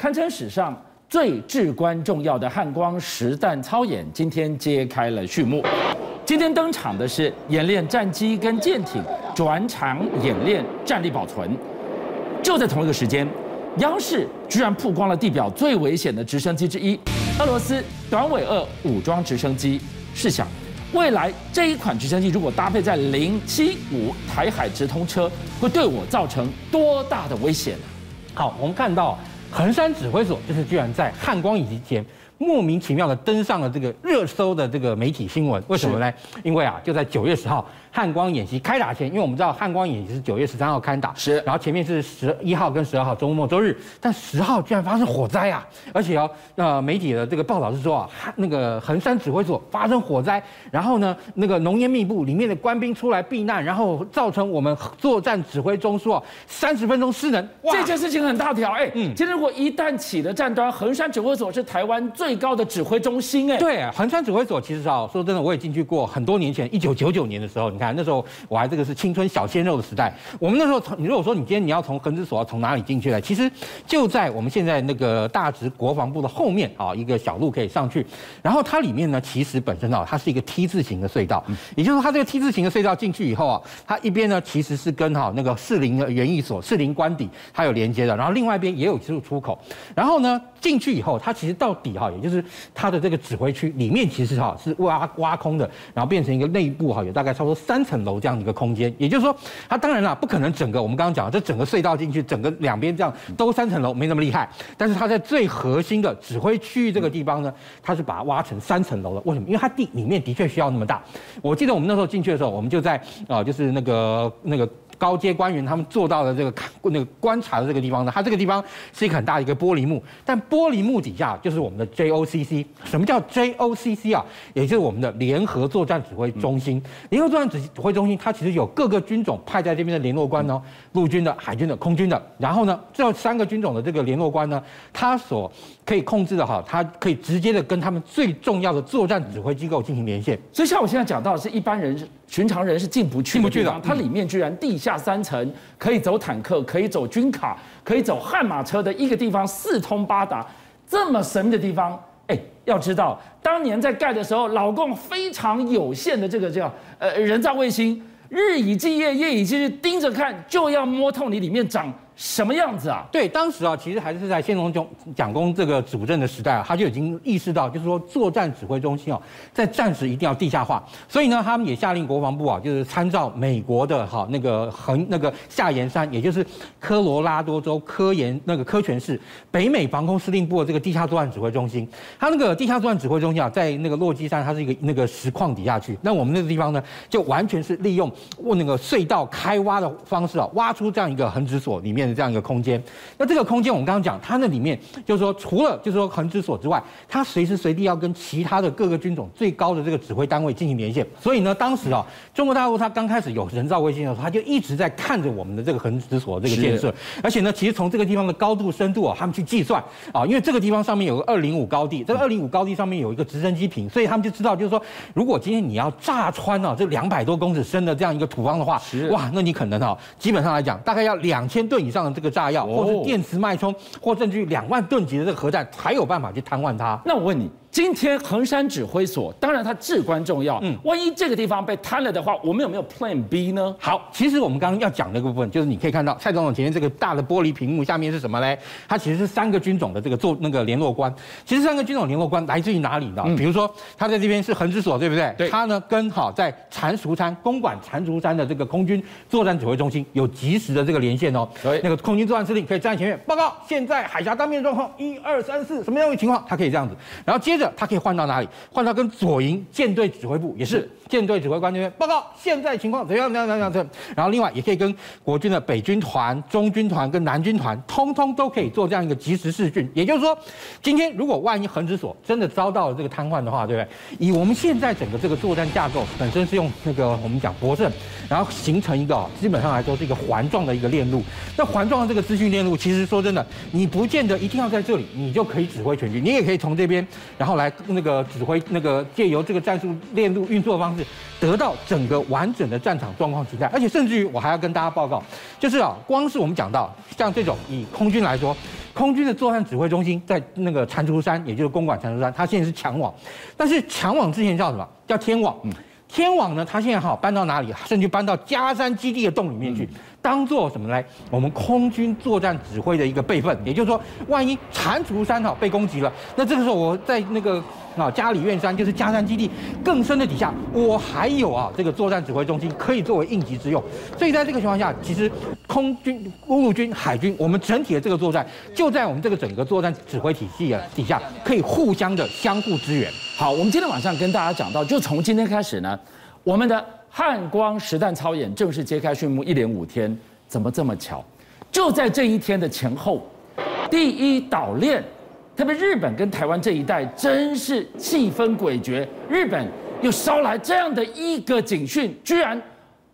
堪稱史上最至關重要的漢光實彈操演，今天揭開了序幕。今天登場的是演練戰機跟艦艇轉場演練戰力保存。就在同一個時間，央視居然曝光了地表最危險的直升機之一——俄羅斯短吻鱷武裝直升機。試想，未來這一款直升機如果搭配在零七五台海直通車，會對我造成多大的危險？好，我們看到。衡山指揮所，這次居然在漢光以前，莫名其妙的登上了這個熱搜的這個媒體新聞，為什麼呢？是因為啊，就在九月十號漢光演習開打前，因為我們知道漢光演習是九月十三號開打，是，然後前面是十一號跟十二號周末周日，但十號居然發生火災啊！而且哦、啊，呃，媒體的這個報道是說啊，那個衡山指揮所發生火災，然後呢，那個濃煙密布，裡面的官兵出來避難，然後造成我們作戰指揮中樞啊三十分鐘失能。哇這件事情很大條，哎，嗯，今天如果一旦起了戰端，衡山指揮所是台灣最。最高的指揮中心哎、欸，對，衡山指揮所其實哦，說真的，我也進去過。很多年前，一九九九年的時候，你看那時候我還這個是青春小鮮肉的時代。我們那時候從你如果說你今天你要從衡山指揮所要所從哪裡進去呢？其實就在我們現在那個大直國防部的後面啊，一個小路可以上去。然後它裡面呢，其實本身哦，它是一個 T 字形的隧道，嗯、也就是說它這個 T 字形的隧道進去以後啊，它一邊呢其實是跟哈那個士林的園藝所士林官邸它有連接的，然後另外一邊也有一個出口。然後呢，進去以後，它其實到底哈。就是它的這個指揮區裡面，其實哈是、哦、是挖挖空的，然後變成一個內部哈，有大概差不多三層樓這樣的一個空間。也就是說，它當然啦，不可能整個我們剛剛講這整個隧道進去，整個兩邊這樣都三層樓，沒那麼厲害。但是它在最核心的指揮區域這個地方呢，它是把它挖成三層樓了。為什麼？因為它地裡面的確需要那麼大。我記得我們那時候進去的時候，我們就在啊、呃，就是那個那個。高階官員他們坐到的這個那個觀察的這個地方呢，它這個地方是一個很大的一個玻璃幕，但玻璃幕底下就是我們的 J O C C。什麼叫 J O C C 啊？也就是我們的聯合作戰指揮中心。聯合作戰指揮中心它其實有各個軍種派在這邊的聯絡官哦，陸軍的、海軍的、空軍的。然後呢，最後三個軍種的這個聯絡官呢，他所可以控制的哈，他可以直接的跟他們最重要的作戰指揮機構進行連線。所以像我現在講到的是一般人、尋常人是進不去的。進不去的，嗯、它裡面居然地下。下三層可以走坦克，可以走軍卡，可以走悍馬車的一個地方，四通八達。這麼神的地方，哎，要知道當年在蓋的時候，老共非常有限的這個叫呃人造衛星，日以繼夜，夜以繼日盯着看，就要摸透你裡面長什麼樣子啊？對，當時啊，其實還是在先總統蔣公這個主政的時代啊，他就已經意識到，就是說作戰指揮中心哦、啊，在戰時一定要地下化，所以呢，他們也下令國防部啊，就是參照美國的哈、啊、那個橫那個夏延山，也就是科羅拉多州科研，那個科泉市北美防空司令部的這個地下作戰指揮中心，他那個地下作戰指揮中心啊，在那個落基山，它是一個那個石礦底下去，那我們那個地方呢，就完全是利用我那個隧道開挖的方式啊，挖出這樣一個衡指所裡面。這樣一個空間，那這個空間我們剛剛講，它那裡面就是說，除了就是說衡指所之外，它隨時隨地要跟其他的各個軍種最高的這個指揮單位進行連線。所以呢，當時啊、哦，中國大陸它剛開始有人造衛星的時候，它就一直在看着我們的這個衡指所這個建設。是而且呢，其實從這個地方的高度、深度啊、哦，他們去計算啊、哦，因為這個地方上面有個二零五高地，這個二零五高地上面有一個直升機坪，所以他們就知道，就是說，如果今天你要炸穿啊、哦，這兩百多公尺深的這樣一個土方的話，是哇，那你可能啊、哦，基本上來講，大概要兩千噸以上。這個炸藥，或是電磁脈衝，或甚至於兩萬噸級的這個核彈，才有辦法去癱瘓它。那我問你。今天衡山指揮所當然它至關重要，嗯，萬一這個地方被癱了的話，我們有沒有 plan B 呢？好，其實我們剛剛要講那個部分，就是你可以看到蔡總統前面這個大的玻璃屏幕下面是什麼嘞？它其實是三個軍種的這個做那個聯絡官。其實三個軍種聯絡官來自於哪裡呢？嗯、比如說他在這邊是衡指所，對不對？對。他呢跟好、哦、在蟾蜍山公館蟾蜍山的這個空軍作戰指揮中心有即時的這個連線哦。對。那個空軍作戰司令可以站在前面報告，現在海峽當面狀況一二三四，1, 2, 3, 4, 什麼樣的情況？他可以這樣子，然後接。他可以換到哪裡？換到跟左營艦隊指揮部也是艦隊指揮官那邊報告現在情況怎樣怎樣怎樣怎樣？然後另外也可以跟國軍的北軍團、中軍團跟南軍團，通通都可以做這樣一個即時視訊。也就是說，今天如果萬一衡指所真的遭到了這個癱瘓的話，對不對？以我們現在整個這個作戰架構本身是用那個我們講博勝，然後形成一個基本上來說是一個環狀的一個鏈路。那環狀的這個資訊鏈路，其實說真的，你不見得一定要在這裡，你就可以指揮全軍。你也可以從這邊，然後。後來那個指揮那個借由這個戰術鏈路運作的方式，得到整個完整的戰場狀況存在，而且甚至於我還要跟大家報告，就是啊，光是我們講到像這種以空軍來說，空軍的作戰指揮中心在那個蟾蜍山，也就是公館蟾蜍山，它現在是強網，但是強網之前叫什麼？叫天網。天網呢，它現在好搬到哪裡？甚至搬到佳山基地的洞裡面去。嗯當作什麼呢？我們空軍作戰指揮的一個備份，也就是說，萬一蟾蜍山哈被攻擊了，那這個時候我在那個啊加里宛山，就是佳山基地更深的底下，我還有啊這個作戰指揮中心可以作為應急之用。所以在這個情況下，其實空軍、陸軍、海軍，我們整體的這個作戰就在我們這個整個作戰指揮體系啊底下，可以互相的相互支援。好，我們今天晚上跟大家講到，就從今天開始呢，我們的。漢光實彈操演正式揭開序幕，一連五天，怎麼這麼巧？就在這一天的前後，第一島鏈，特別日本跟台灣這一帶，真是氣氛詭譎。日本又捎來這樣的一個警訊，居然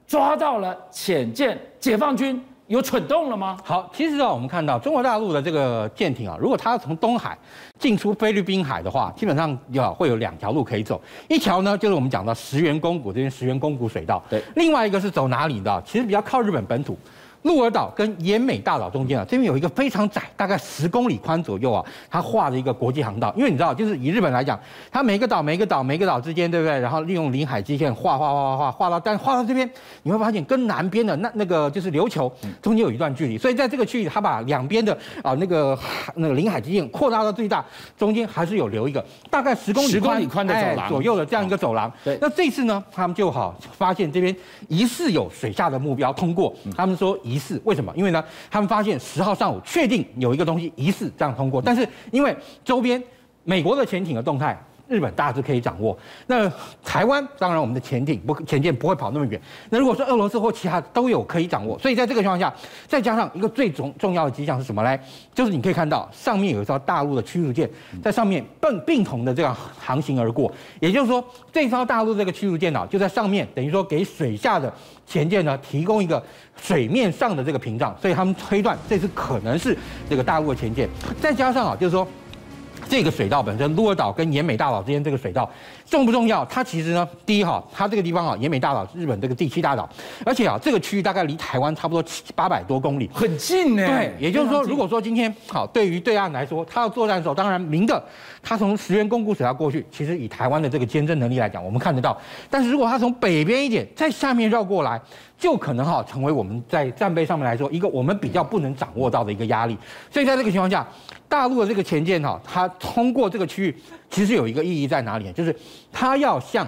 抓到了潛艦解放軍。有蠢動了嗎？好，其實啊，我們看到中國大陸的這個艦艇啊，如果它要從東海進出菲律賓海的話，基本上要會有兩條路可以走。一條呢，就是我們講到石垣宮古這邊石垣宮古水道，對；另外一個是走哪裡的？其實比較靠日本本土。鹿兒島跟奄美大島中間啊，這邊有一個非常窄，大概十公里寬左右啊，它畫了一個國際航道。因為你知道，就是以日本來講，它每個島、每個島、每個島之間，對不對？然後利用領海基線畫、畫、畫、畫、畫，畫到，但畫到這邊，你會發現跟南邊的那那個就是琉球中間有一段距離，所以在這個區域，它把兩邊的啊、呃、那個那個領海基線擴大到最大，中間還是有留一個大概十公里十公里寬的走廊、哎、左右的這樣一個走廊。哦、對，那這次呢，他們就好發現這邊疑似有水下的目標通過，他們說一。疑似？為什麼？因為呢，他們發現十號上午確定有一個東西疑似這樣通過，但是因為周邊美國的潛艇的動態。日本大致可以掌握，那台灣當然我們的潛艇不潛艇不會跑那麼遠。那如果說俄羅斯或其他都有可以掌握，所以在這個情況下，再加上一個最重重要的跡象是什麼呢？就是你可以看到上面有一艘大陸的驅逐艦在上面並並同的這樣航行而過，也就是說這艘大陸的這個驅逐艦呢就在上面，等於說給水下的潛艦呢提供一個水面上的這個屏障，所以他們推斷這次可能是這個大陸的潛艦，再加上啊就是說。這個水道本身，鹿兒島跟奄美大島之間這個水道重不重要？它其實呢，第一哈，它這個地方啊，奄美大島是日本這個第七大島，而且啊，這個區域大概離台灣差不多七八百多公里，很近呢。對，也就是說，如果說今天好，對於對岸來說，它要作戰的時候，當然明的，它從石垣宮古水道過去，其實以台灣的這個監偵能力來講，我們看得到。但是如果它從北邊一點，在下面繞過來。就可能哈成為我們在戰備上面來說一個我們比較不能掌握到的一個壓力，所以在這個情況下，大陸的這個潛艦哈它，通過這個區域，其實有一個意義在哪裡，就是它要向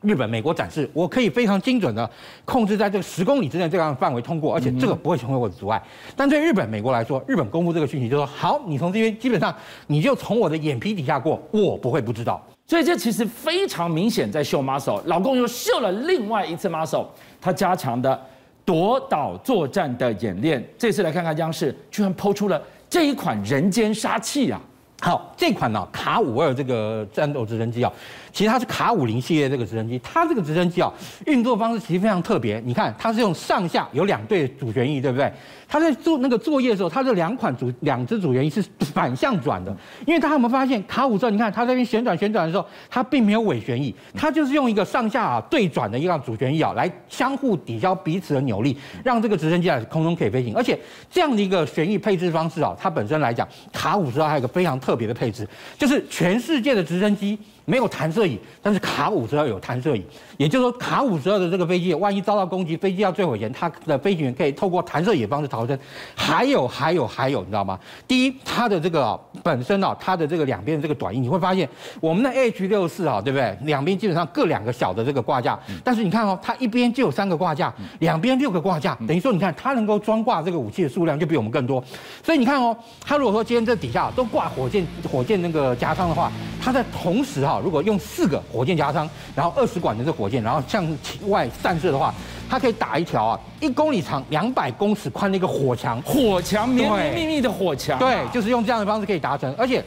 日本、美國展示，我可以非常精準的控制在這個十公里之內這樣的範圍通過，而且這個不會成為我的阻礙。但對日本、美國來說，日本公布這個訊息就說：好，你從這邊基本上你就從我的眼皮底下過，我不會不知道。所以這其實非常明顯，在秀 muscle 老公又秀了另外一次 muscle，他加強的奪島作戰的演練。這次來看看央視，居然拋出了這一款人間殺器啊。好，這款呢、啊、卡五二這個戰鬥直升機啊。其實它是卡五零系列這個直升機，它這個直升機啊運作方式其實非常特別。你看，它是用上下有兩對主旋翼，對不對？它在做那個作業的時候，它這兩款主兩只主旋翼是反向轉的。因為大家有沒有發現，卡五十二，你看它這邊旋轉旋轉的時候，它並沒有尾旋翼，它就是用一個上下、啊、對轉的一個主旋翼啊來相互抵消彼此的扭力，讓這個直升機啊空中可以飛行。而且這樣的一個旋翼配置方式啊，它本身來講，卡五十二還有一個非常特別的配置，就是全世界的直升機。沒有彈射椅，但是卡五十二有彈射椅，也就是說卡五十二的這個飛機，萬一遭到攻擊，飛機要墜毀前，它的飛行員可以透過彈射椅方式逃生。還有還有還有，你知道嗎？第一，它的這個、哦、本身啊、哦，它的這個兩邊的這個短翼，你會發現我們的 H 六四啊，對不對？兩邊基本上各兩個小的這個掛架，但是你看哦，它一邊就有三個掛架，兩邊六個掛架，等於說你看它能夠裝掛這個武器的數量就比我們更多。所以你看哦，它如果說今天這底下都掛火箭火箭那個莢艙，的話。它在同時哈，如果用四個火箭加倉，然後二十管的這火箭，然後向外散射的話，它可以打一條啊，一公里長、兩百公尺寬的一個火牆。火牆，綿綿密密的火牆、啊。對，就是用這樣的方式可以達成。而且，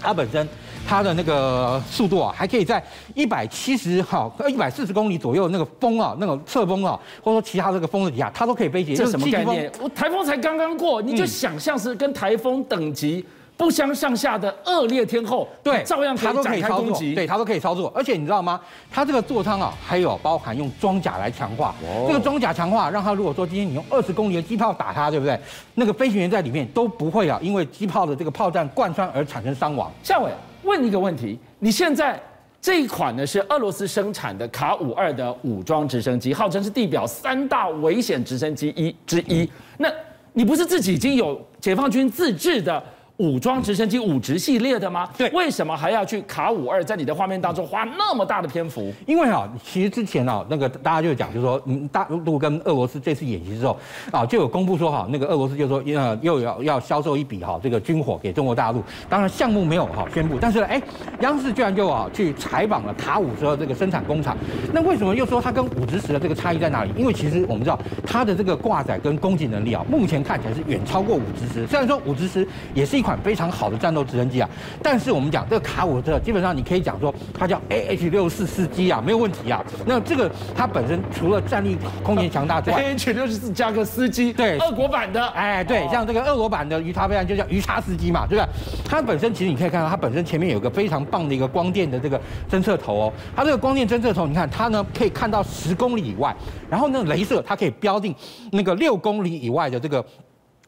它本身它的那個速度啊，還可以在一百七十哈呃一百四十公里左右那個風啊，那個側風啊，或者說其他這個風的底下，它都可以飛起。這什麼概念？我台風才剛剛過，你就想象是跟台風等級。不相上下的惡劣天候，對，照樣它都可以操作，對，他都可以操作。而且你知道嗎？它這個座艙啊，還有包含用裝甲來強化。這、哦、個裝甲強化，讓它如果說今天你用二十公里的機炮打它，對不對？那個飛行員在裡面都不會啊，因為機炮的這個炮彈貫穿而產生傷亡。孝瑋，問你一個問題：你現在這一款呢是俄羅斯生產的卡五二的武裝直升機，號稱是地表三大危險直升機一之一。那你不是自己已經有解放軍自制的？武裝直升機武直系列的嗎？對，為什麼還要去卡五二？在你的畫面當中花那麼大的篇幅？因為啊，其實之前啊，那個大家就講，就是說嗯，大陸跟俄羅斯這次演習之後，啊，就有公布說哈，那個俄羅斯就說又要要銷售一筆哈這個軍火給中國大陸。當然項目沒有哈宣布，但是哎，央視居然就啊去採訪了卡五十二這個生產工廠。那為什麼又說它跟武直十的這個差異在哪裡？因為其實我們知道它的這個掛載跟攻擊能力啊，目前看起來是遠超過武直十。雖然說武直十也是一。款非常好的戰鬥直升機啊，但是我們講這個卡我特，基本上你可以講說它叫 A H 六四斯基啊，沒有問題啊。那這個它本身除了戰力空前強大之外，A H 六四加個斯基，對，俄國版的，哎、欸，對，哦、像這個俄國版的魚叉飛彈就叫魚叉斯基嘛，對不對？它本身其實你可以看到，它本身前面有一個非常棒的一個光電的這個偵測頭哦。它這個光電偵測頭，你看它呢可以看到十公里以外，然後呢，鐳射它可以標定那個六公里以外的這個。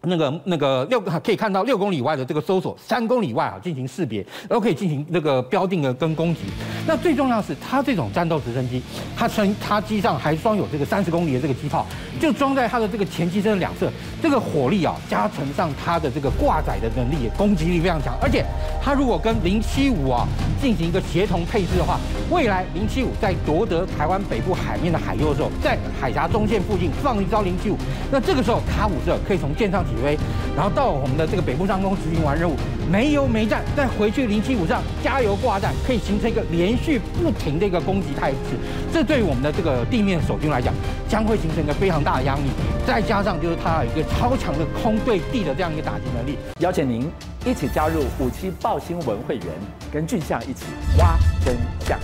那個那個六可以看到六公里外的這個搜索，三公里外啊進行識別，然後可以進行那個標定的跟攻擊。那最重要是，它這種戰鬥直升機，它裝它機上還裝有這個三十公里的這個機炮，就裝在它的這個前機身的兩側，這個火力啊加乘上它的這個掛載的能力，攻擊力非常強。而且它如果跟零七五啊進行一個協同配置的話，未來零七五在奪得台灣北部海面的海域的時候，在海峽中線附近放一艘零七五，那這個時候卡五二可以從艦上起。起飛，然後到我們的這個北部上空執行完任務，沒油沒站，再回去零七五上加油掛彈，可以形成一個連續不停的一個攻擊態勢。這對我們的這個地面守軍來講，將會形成一個非常大的壓力。再加上就是它有一個超強的空對地的這樣一個打擊能力。邀請您一起加入五七爆新聞會員，跟俊相一起挖真相。